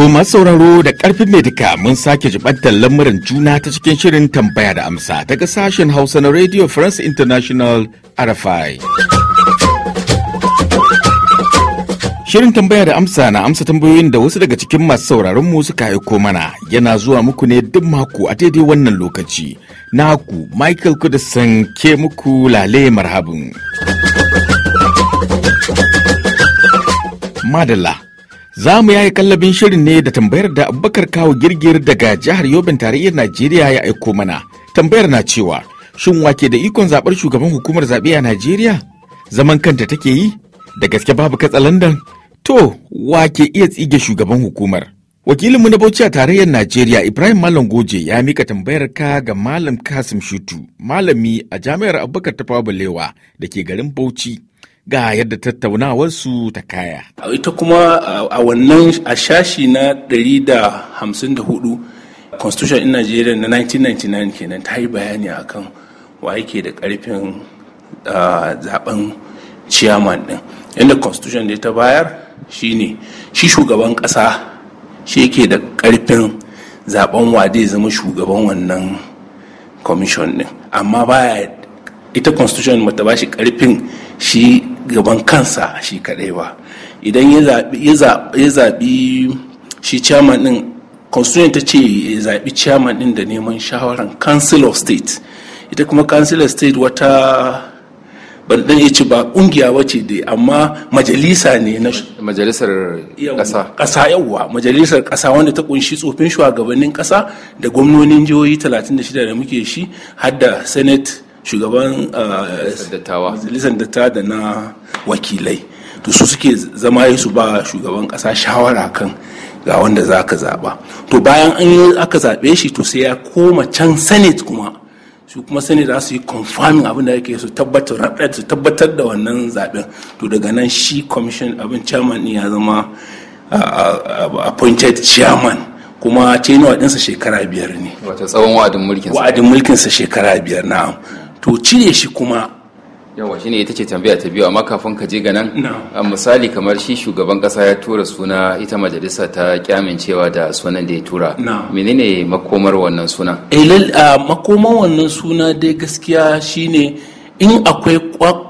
To masu sauraro da karfin medika mun sake jibantar lamuran juna ta cikin shirin tambaya da amsa daga sashen Hausa na Radio France International RFI. Shirin tambaya da amsa na amsa tambayoyin da wasu daga cikin masu sauraron mu suka aiko mana yana zuwa muku ne duk mako a daidai wannan lokaci. Naku Michael Kudisan ke muku lale marhabin. Madalla. Za mu yayi kallabin shirin ne da tambayar da Abubakar Kawo Girgir daga jihar Yobin tarayyar Najeriya ya aiko mana. Tambayar na cewa, shin wake da ikon zaɓar shugaban hukumar zaɓe a Najeriya? Zaman kanta take yi? Da gaske babu katsalandan? To, wake iya tsige shugaban hukumar? Wakilinmu na Bauchi a tarayyar Najeriya Ibrahim Malam Goje ya mika tambayar ka ga Malam Kasim Shutu, malami a Jami'ar Abubakar ta Balewa da ke garin Bauchi ga yadda tattaunawarsu ta kaya. Ita kuma a wannan a shashi na 154 Constitution in Nigeria na 1999 kenan ta yi bayani akan wa yake da karfin zaben chairman din. Yadda Constitution da ta bayar shine shi shugaban kasa shi yake da karfin zaben wa zai zama shugaban wannan commission din amma baya ita constitution mata ba shi karfin shi gaban kansa shi kadai ba idan ya zaɓi shi chairman din constituent ta ce ya zaɓi chairman din da neman shawaran council of state ita kuma council of state wata ban dan ce ba kungiya wace da amma majalisa ne na majalisar kasa kasa yawwa majalisar kasa wanda ta kunshi tsofin shugabannin kasa da gwamnonin jihohi 36 da muke shi har da senate shugaban ah, lisan datta da na wakilai to su suke zama su ba shugaban kasa shawara kan ga wanda za ka zaɓa to bayan an yi aka zaɓe shi to sai ya koma can senate kuma su kuma senate za su yi confirming abin da yake su tabbatar su tabbatar da wannan zaɓen to daga nan shi commission abin chairman ya zama ah, ah, appointed chairman kuma tenuwa ɗinsa shekara biyar ne wata tsawon wa'adin mulkinsa wa'adin mulkinsa shekara biyar na'am to cire shi kuma yawa shine ita ce tambaya ta biyu amma kafin ka je ga nan a misali kamar shi shugaban kasa ya tura suna ita majalisa ta kyamin cewa da sunan da ya tura menene makomar wannan suna eh, makomar wannan suna dai gaskiya shine in akwai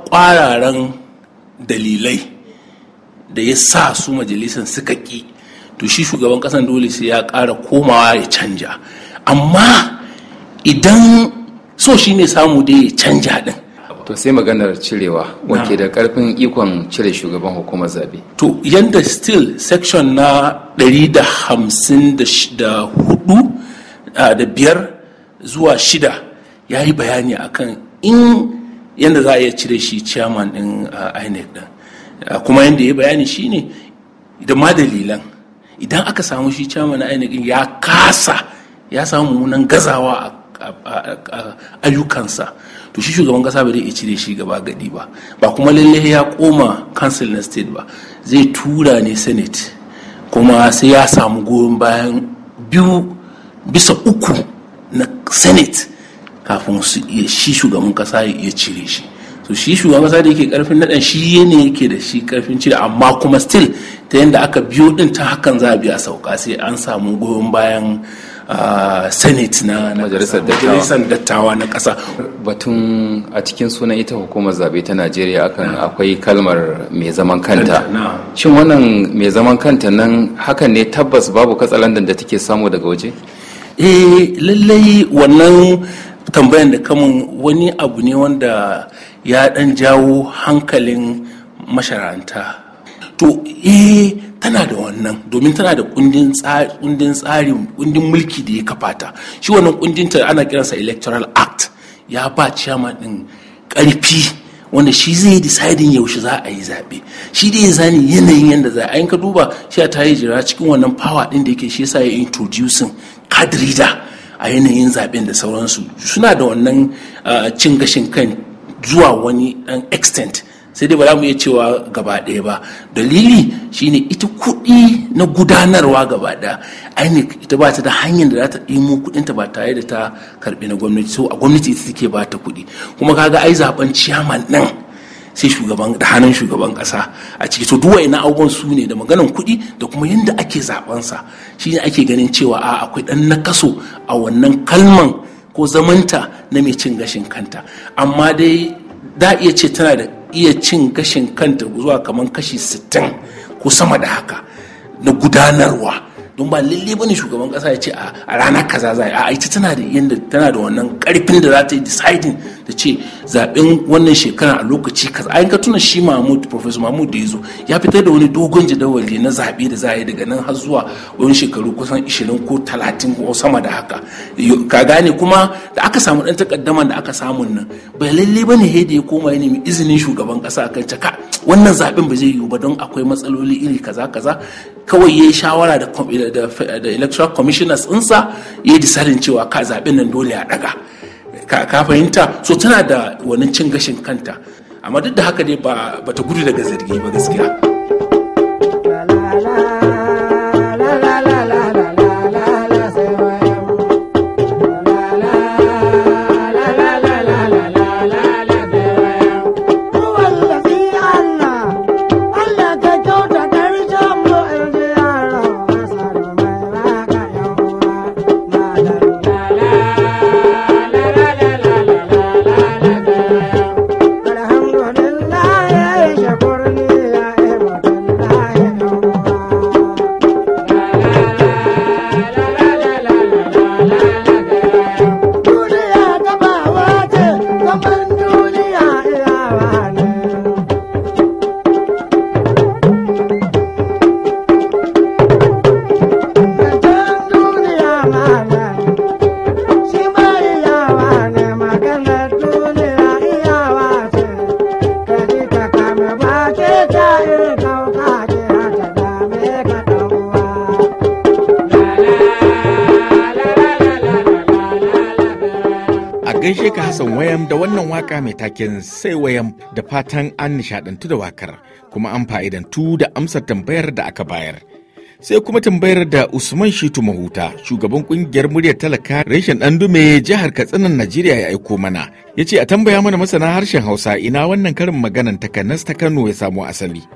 kwararan dalilai da ya sa su majalisan suka ki to shi shugaban kasan dole sai ya ƙara komawa ya canja amma idan so shi ne samu da ya canja din to sai maganar cirewa wanke da karfin ikon cire shugaban hukumar zabe to yanda still section na 154 da biyar zuwa shida ya yi bayani akan in yanda za a iya cire shi chairman din inec ɗin kuma yanda ya bayani shi ne da ma dalilan idan aka samu shi chairman na inec ya kasa ya samu munan gazawa a ayyukansa to shi shugaban kasa ba zai iya cire shi gaba gadi ba ba kuma lallai ya koma council na state ba zai tura ne senate kuma sai ya samu goyon bayan biyu bisa uku na senate kafin shi shugaban kasa ya iya cire shi to shi shugaban kasa da yake karfin nadan shi ne yake da shi karfin cire amma kuma still ta yadda aka biyo din ta hakan za a biya sauka sai an samu goyon bayan senate na majalisar dattawa na ƙasa batun a cikin sunan ita hukumar zabe ta najeriya akan akwai kalmar mai zaman kanta shin wannan mai zaman kanta nan hakan ne tabbas babu katsalandan da take samu daga waje eh lallai wannan tambayan da kamun wani abu ne wanda ya dan jawo hankalin masharanta to eh tana da wannan domin tana da kundin tsarin kundin mulki da ya kafa ta shi wannan kundin ta ana kiransa electoral act ya ba chairman din karfi wanda shi zai decide yaushe za a yi zaɓe shi dai ya zani yanayin yadda za a yi ka duba shi a tayi jira cikin wannan power din da yake shi yasa ya introducing card reader a yanayin zaɓen da sauransu suna da wannan ah, cin gashin kan zuwa wani dan extent sai dai ba za mu iya cewa gaba ɗaya ba dalili shine ita kuɗi na gudanarwa gaba ɗaya inec ita ba ta da hanyar da za ta kuɗin ta ba tare da ta karɓi na gwamnati so a gwamnati ita take ba ta kuɗi kuma kaga ai zaben ciyaman nan sai shugaban da hannun shugaban ƙasa a ciki to duwa ina abubuwan su ne da maganan kuɗi da kuma yadda ake sa shine ake ganin cewa a akwai ɗan nakaso a wannan kalman ko zamanta na mai cin gashin kanta amma dai da iya ce tana da iya cin gashin kanta zuwa kamar kashi 60 ko sama da haka na gudanarwa don ba lalle bane shugaban kasa ya ce a ranar kaza za a ita tana da tana da wannan karfin da za ta yi deciding da ce zaɓen wannan shekara a lokaci kaza ka tuna shi mahmud professor mahmud da ya zo ya fitar da wani dogon jadawali na zaɓe da za a yi daga nan har zuwa wani shekaru kusan 20 ko 30 ko sama da haka ka gane kuma da aka samu ɗan takaddama da aka samu nan bai lalle ba ne da ya koma ya nemi izinin shugaban ƙasa kan caka wannan zaɓen ba zai yiwu ba don akwai matsaloli iri kaza kaza kawai ya yi shawara da electoral commissioners ɗinsa ya yi cewa ka zaɓen nan dole a ɗaga ka fahimta so tana da wani cin gashin kanta amma duk da haka dai ba ta gudu daga zargi ba gaskiya Hassan Wayam da wannan waka mai taken sai Wayam da fatan an nishadantu da wakar kuma an fa'idantu da amsar tambayar da aka bayar. Sai kuma tambayar da Usman Shitu Mahuta, shugaban kungiyar muryar talaka reshen dume jihar Katsinan Najeriya ya aiko mana. Ya ce a tambaya mana masana harshen Hausa ina wannan karin maganan takanas ta Kano ya samo asali.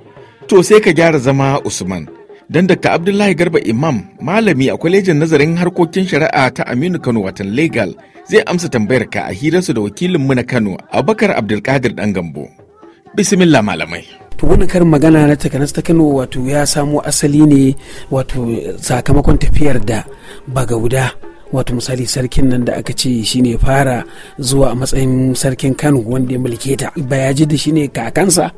To sai ka gyara zama Usman. don Dr. Abdullahi Garba Imam, malami a kwalejin nazarin harkokin shari'a ta Aminu Kano watan Legal, zai amsa tambayar ka a hirarsu da wakilinmu na Kano, Abubakar Abdulkadir Dan Gambo. Bismillah malamai. To wani karin magana na takanas ta Kano wato ya samo asali ne wato sakamakon tafiyar da bagauda wato misali sarkin nan da aka ce shi ne fara zuwa a matsayin sarkin Kano wanda ya mulke ta. Bayaji da ne kakansa,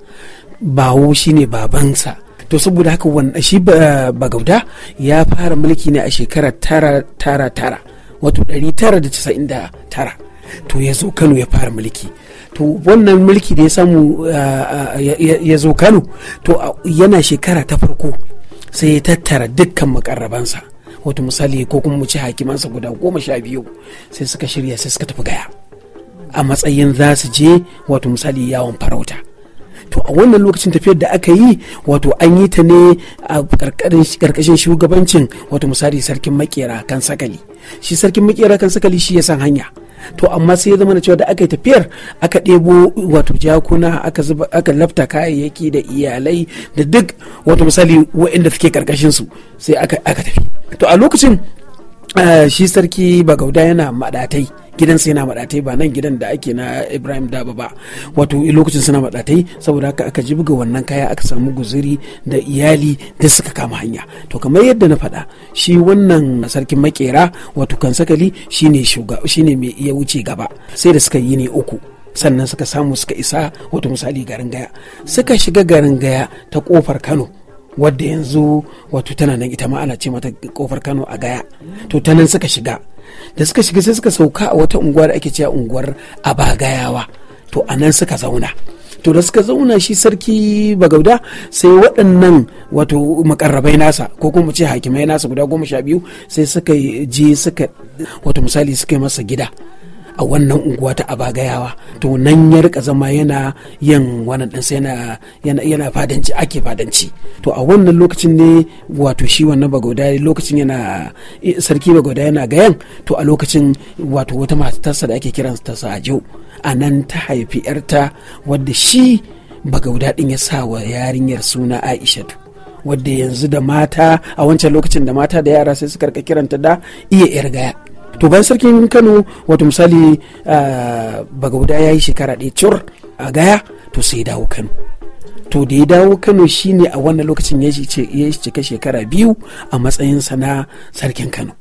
bawo shi ne babansa. to saboda haka wannan shi bagauda ya fara mulki ne a shekara tara tara tara wato tara da tara to ya zo kano ya fara mulki to wannan mulki da ya samu ya zo kano to yana shekara ta farko sai ya tattara dukkan makarrabansa wato misali ko kuma mu ci hakimansa guda goma sha biyu sai suka shirya sai suka tafi gaya a matsayin za su je wato misali yawon farauta to a wannan lokacin tafiyar da aka yi wato an yi ta ne a karkashin shugabancin wato misali sarkin makera kan sakali shi sarkin makera kan sakali shi ya san hanya to amma sai ya zama na cewa da aka yi tafiyar aka ɗebo wato jakuna aka zuba aka lafta kayayyaki da iyalai da duk wato misali waɗanda suke karkashin su sai aka tafi to a lokacin eh, shi sarki bagauda yana maɗatai gidan sai na maɗatai ba nan gidan da ake na ibrahim daba ba wato lokacin suna maɗatai saboda haka aka jibga wannan kaya aka samu guzuri da iyali da suka kama hanya to kamar yadda na faɗa shi wannan sarkin makera wato kansakali shine shine mai iya wuce gaba sai da suka yi ne uku sannan suka samu suka isa wato misali garin gaya suka shiga garin gaya ta kofar kano wadda yanzu wato tana nan ita ma ana ce mata kofar kano a gaya to ta nan suka shiga da suka shiga sai suka sauka a wata unguwa da ake cewa unguwar abagayawa to a nan suka zauna to da suka zauna shi sarki bagauda sai waɗannan wato makarrabai nasa ko kuma ce hakimai nasa guda goma sha biyu sai suka je suka wato misali suka yi masa gida a wannan unguwa ta abagayawa to nan ya rika zama yana yin wannan yana yana yana fadanci ake fadanci to a wannan lokacin ne wato shi wannan bagauda lokacin yana eh, sarki bagauda yana gayan to a lokacin wato wata matarsa da ake kiransa ta sajo a nan ta haifi yarta wadda shi bagauda din ya sa wa yarinyar suna aisha wadda yanzu da mata a wancan lokacin da mata da yara sai suka rika kiranta da iya yar gaya to bayan sarkin kano wato misali ah, bagauda ya yi shekara ɗaya cur a gaya to sai dawo kano to da ya dawo kano shine a wannan lokacin ya cika shekara biyu a matsayinsa na sarkin kano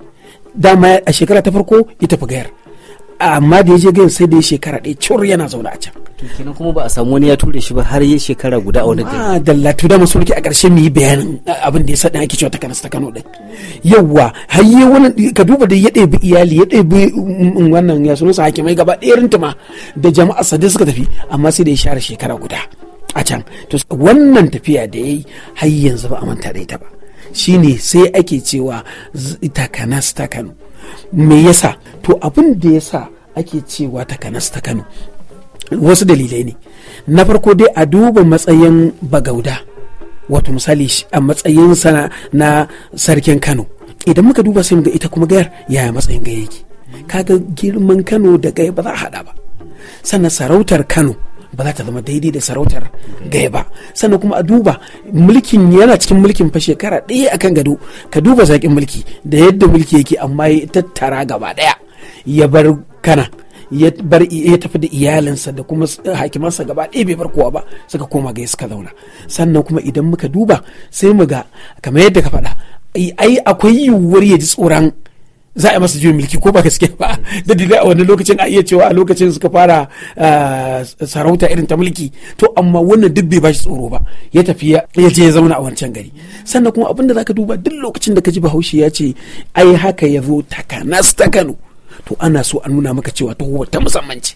dama a shekara ta farko ya tafi gayar amma da ya je gayan sai da ya shekara ɗaya cur yana zaune a can to kenan kuma ba a samu wani ya ture shi ba har ya shekara guda a wani gari da latu da masu a ƙarshe mu yi bayanin abin da ya sa ake cewa ta Kano din yawwa har yi wani ka duba da ya ɗebi iyali ya ɗebi mm, mm, wannan ya sunansa hakimai gaba ɗaya ma da jama'a sadin suka tafi amma sai da ya share shekara guda a can to wannan tafiya da ya yi har yanzu ba a manta da ita ba shine sai ake cewa takanas ta Kano me yasa to abin da yasa ake cewa ta kanas ta kano wasu dalilai ne na farko dai a duba matsayin bagauda wato misali a matsayinsa na sarkin kano idan muka duba sai ga ita kuma gayar yaya matsayin gaya yake kaga girman kano da gaya ba za a hada ba sannan sarautar kano ba za ta zama daidai da sarautar gaya ba sannan kuma a duba mulkin yana cikin mulkin fa shekara ɗaya akan gado ka duba zaƙin mulki da yadda mulki yake amma ya tattara gaba ɗaya ya bar kana ya bar ya tafi da iyalinsa da kuma hakimansa gaba ɗaya bai bar kowa ba suka koma ga suka zauna sannan kuma idan muka duba sai mu ga kamar yadda ka faɗa ai akwai yiwuwar ya ji tsoron za a masa juyin milki ko ba gaske ba da dai a wani lokacin a iya cewa a lokacin suka fara eh, sarauta irin ta mulki to amma wannan duk bai bashi tsoro ba ya tafi ya je ya zauna a wancan gari sannan kuma abinda ka duba duk lokacin da ka ji bahaushe ya ce ai haka ya zo takanas ta Kano to ana so a nuna maka cewa ta ta musamman ce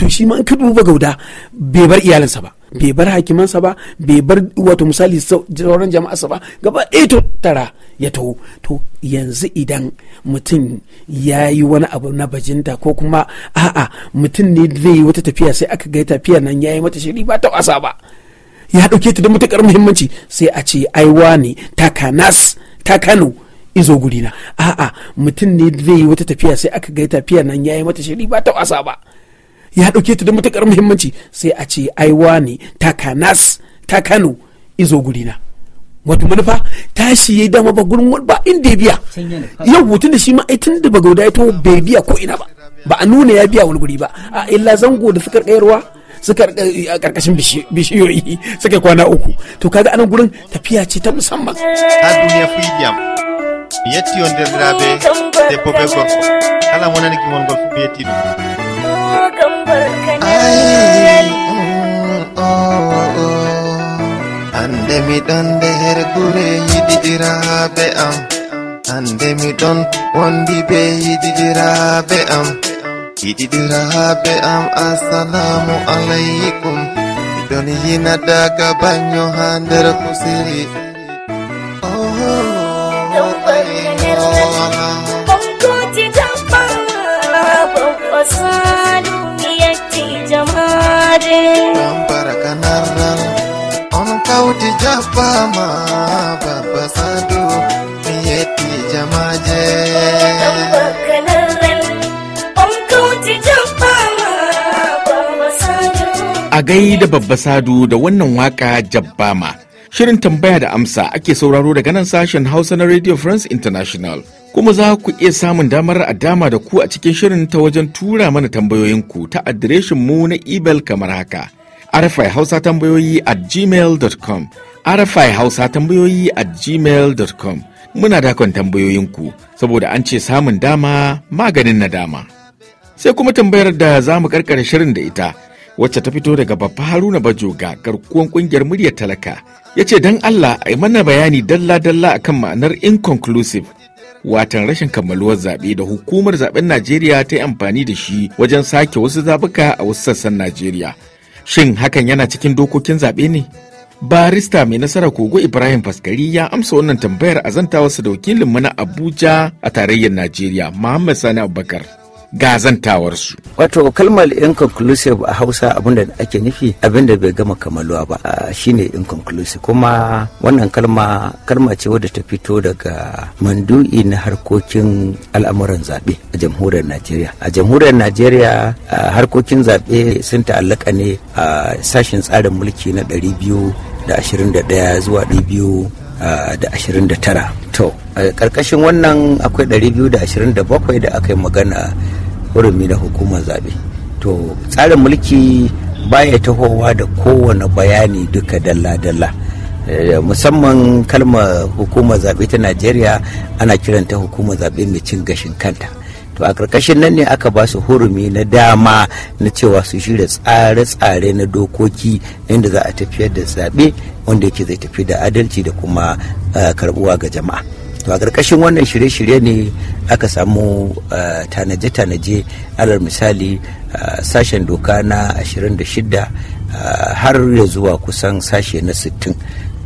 to shi ma in ka duba gauda bai bar iyalinsa ba bai bar hakimansa ba bai bar wato misali sauran sa ba gaba ɗaya to tara ya taho to yanzu idan mutum ya yi wani abu na bajinta ko kuma a'a mutum ne zai yi wata tafiya sai aka ga tafiya nan ya yi mata shiri ba ta wasa ba ya dauke ta da matuƙar muhimmanci sai a ce aiwa ne ta kanas ta kano izo gurina a'a mutum ne zai yi wata tafiya sai aka ga tafiya nan ya yi mata shiri ba ta wasa ba ya dauke ta da matuƙar muhimmanci sai a ce aiwa ne takanas kanas ta kano izo gurina wata manufa tashi yayi dama ba gurin ba inda ya biya yau hutun da shi ma tun da bagauda ya taho bai biya ko ina ba ba a nuna ya biya wani guri ba a illa zango da suka kayarwa suka eh, a karkashin bishiyoyi suka kwana uku to kaga anan gurin tafiya ce ta musamman ta duniya freedom biyati yonder rabe de bobe gorko kala wona niki won gorko biyati dum ai oh Hande mi ɗon nder gure yiɗiɗiraaɓe am mi don wondi be yiɗiɗiraaɓe am yiɗiɗiraaɓe am assalamu alaykum Miɗon yina daga banyo haa nder kusiri Thank you. kauti jabba ma miyeti jamaje a gai da babba sadu da wannan waka jabbama shirin tambaya da amsa ake sauraro daga nan sashen hausa na radio france international kuma za ku iya samun damar a dama da ku a cikin shirin ta wajen tura mana tambayoyinku ta adireshin mu na imel kamar haka rfi hausa tambayoyi at gmail.com rfi hausa tambayoyi at gmail.com muna dakon tambayoyinku saboda an ce samun dama maganin nadama sai kuma tambayar da za mu karkare shirin da ita wacce ta fito daga babba haruna bajoga garkuwan kungiyar muryar talaka ya ce don allah a yi mana bayani dalla-dalla akan ma'anar inconclusive watan rashin kammaluwar zaɓe da hukumar zaɓen najeriya ta yi amfani da shi wajen sake wasu zabuka a wasu sassan najeriya Shin hakan yana cikin dokokin zaɓe ne? Barista mai nasara Kogo Ibrahim Faskari ya amsa wannan tambayar a wasu da wakilinmu na Abuja a tarayyar Najeriya, Muhammad Sani Abubakar. gazantawarsu. Wato kalmar inconclusive a Hausa abinda ake nufi abinda bai gama kamaluwa ba shine inconclusive kuma wannan kalma kalma ce wadda ta fito daga mandu'i na harkokin al'amuran zaɓe a jamhuriyar Najeriya. A jamhuriyar Najeriya harkokin zaɓe sun ta'allaka ne a sashen tsarin mulki na 221 zuwa 200 Ah, da ashirin da tara to a ƙarƙashin wannan akwai ɗari biyu da aka yi magana hurumi na hukumar zaɓe to tsarin mulki baya tahowa da kowane bayani duka dalla-dalla eh, musamman kalmar hukumar zaɓe ta najeriya ana kiranta hukumar zaɓe mai cin gashin kanta to a ƙarƙashin nan ne aka ba su hurumi na dama na cewa su shirya tsare-tsare na dokoki inda za a tafiyar da zaɓe wanda yake zai tafi da adalci da kuma eh, karɓuwa ga jama'a to a ƙarƙashin wannan shirye-shirye ne aka samu eh, tanaje-tanaje alal misali eh, sashen doka na 26 har ya zuwa kusan sashe na 60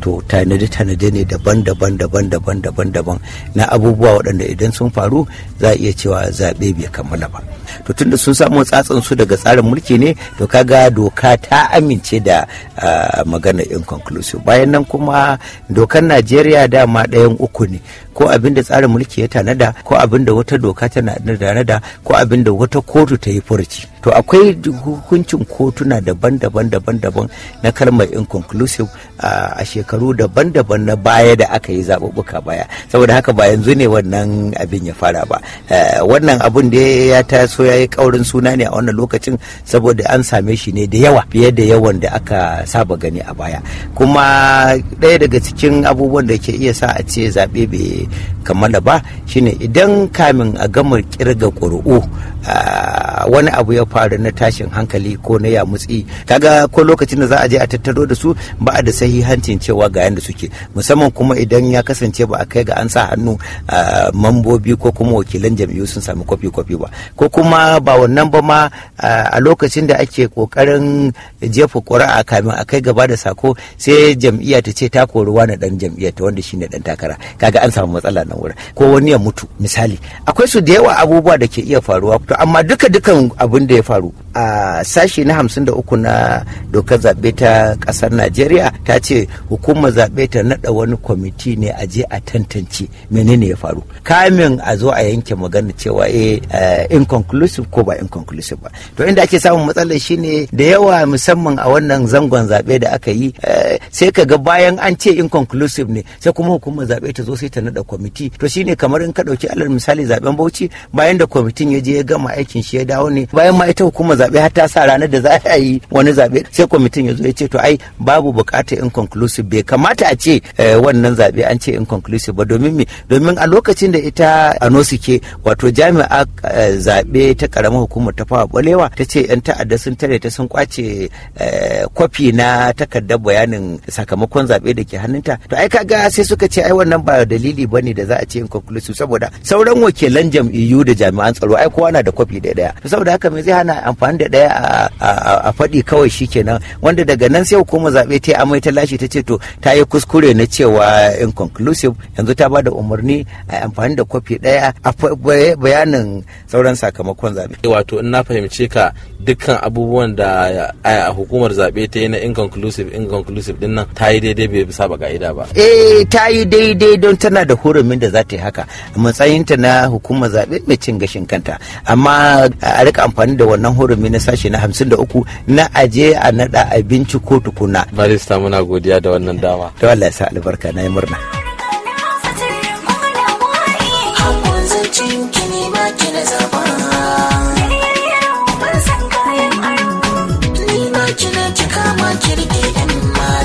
to tanadi tanadi ne daban-daban daban-daban daban-daban na abubuwa waɗanda idan sun faru za a iya cewa zaɓe bai kammala ba to tunda sun samu tsatsin su daga tsarin mulki ne to kaga doka ta amince da magana inconclusive bayan nan kuma dokar najeriya dama ɗayan uku ne ko abin da tsarin mulki ya tanada ko abin da wata doka ta tanada ko abin da wata kotu ta yi furci to akwai hukuncin kotuna daban-daban daban-daban na kalmar inconclusive a shekaru daban-daban na baya da aka yi zaɓuɓɓuka baya saboda haka ba yanzu ne wannan abin ya fara ba eh, wannan abin da ya taso ya yi ƙaurin suna ne a wannan lokacin saboda an same shi ne da yawa fiye da yawan da aka saba gani a baya kuma ɗaya daga cikin abubuwan da ke iya sa a ce zaɓe bai kammala ba shine idan kamin a gama kirga ƙuri'u ah, wani abu ya faru na tashin hankali ko na yamutsi kaga ko lokacin da za a je a tattaro da su ba a da sahihancin cewa ga yanda suke musamman kuma idan ya kasance ba a kai ga an sa hannu mambobi ko kuma wakilan jam'iyyu sun sami kwafi kwafi ba ko kuma ba wannan ba ma a lokacin da ake kokarin jefa ƙuri'a kamin a kai gaba da sako sai jam'iyya ta ce ta kori wani dan jam'iyyata ta wanda shine dan takara kaga an samu matsala nan wurin ko wani ya mutu misali akwai su da yawa abubuwa da ke iya faruwa to amma duka duka irin abin da ya faru a sashi na 53 na dokar zaɓe ta ƙasar najeriya ta ce hukumar zaɓe ta naɗa wani kwamiti ne a je a tantance menene ya faru kamin a zo a yanke magana cewa e inconclusive ko ba inconclusive ba to inda ake samun matsalar shi ne da yawa musamman a wannan zangon zaɓe da aka yi eh, sai ka ga bayan an ce inconclusive ne sai kuma hukumar zaɓe ta zo sai ta naɗa kwamiti to shi ne kamar in ka ɗauki alal misali zaɓen bauchi bayan da kwamitin ya je ya gama aikin shi ya dawo ne bayan ma ita hukumar zaɓe har ta sa ranar da za a yi wani zaɓe sai kwamitin ya zo ya ce to ai babu in inconclusive bai kamata a ce eh, wannan zaɓe an ce inconclusive ba domin me domin a lokacin da ita anosike wato jami'a eh, zaɓe ta ƙaramar hukumar ta fawa bolewa ta ce 'yan ta'adda sun tare ta sun kwace eh, kwafi na takardar bayanin sakamakon zaɓe da ke hannunta to ai kaga sai suka ce ai wannan ba dalili bane da za a ce inconclusive saboda sauran wakilan jam'iyyu da jami'an tsaro ai kowa na da kwafi ɗaya ɗaya saboda haka me zai hana amfani da ɗaya a faɗi kawai shi kenan wanda daga nan sai hukumar zaɓe ta amai ta lashe ta ce to ta yi kuskure na cewa inconclusive yanzu ta ba da umarni a amfani da kwafi ɗaya a bayanin sauran sakamakon zaɓe. wato in na fahimce ka dukkan abubuwan da a hukumar zaɓe ta yi na inconclusive inconclusive din nan ta yi daidai bai bisa ba ka'ida ba. Eh ta yi daidai don tana da hurumin da za ta yi haka a matsayinta na hukumar zaɓe mai cin gashin kanta amma a rika amfani da wannan hurumi na sashe na hamsin da uku na aje a naɗa abinci ko tukuna. Barista muna godiya da wannan dama. Da Allah ya sa albarka na yi murna.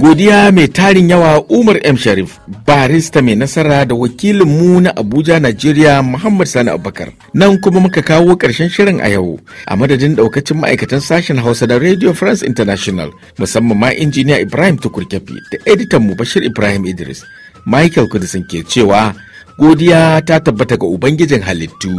Godiya mai tarin yawa Umar M. Sharif, barista mai nasara da wakilin mu na Abuja, Najeriya Muhammad Sani Abubakar. Nan kuma muka kawo ƙarshen shirin a yau, a madadin ɗaukacin ma'aikatan sashen Hausa da Radio France International, musamman ma injiniya Ibrahim Tukurkefi da editan mu Bashir Ibrahim Idris. Michael Kudisin ke cewa, godiya ta tabbata ga Ubangijin halittu.